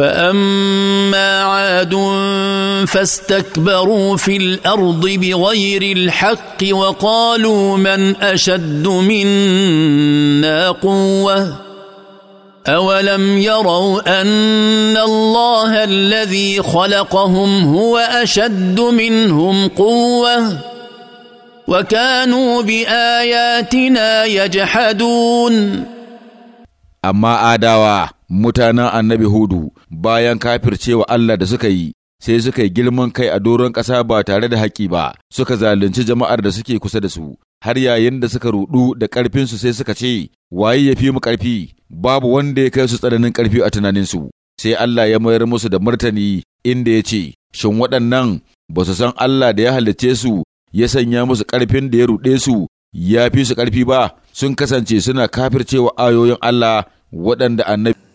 فاما عاد فاستكبروا في الارض بغير الحق وقالوا من اشد منا قوه اولم يروا ان الله الذي خلقهم هو اشد منهم قوه وكانوا باياتنا يجحدون amma adawa mutanen annabi hudu bayan kafircewa Allah da suka yi sai suka yi girman kai a doron ƙasa ba tare da haƙi ba suka zalunci jama'ar da suke kusa da su har yayin da suka rudu da ƙarfinsu sai suka ce waye ya fi mu ƙarfi babu wanda ya kai su tsananin ƙarfi a tunaninsu sai Allah ya mayar musu da martani inda ya ce shin waɗannan ba su san Allah da ya halicce su ya sanya musu ƙarfin da ya ruɗe su ya fi su ƙarfi ba sun kasance suna kafircewa ayoyin Allah waɗanda annabi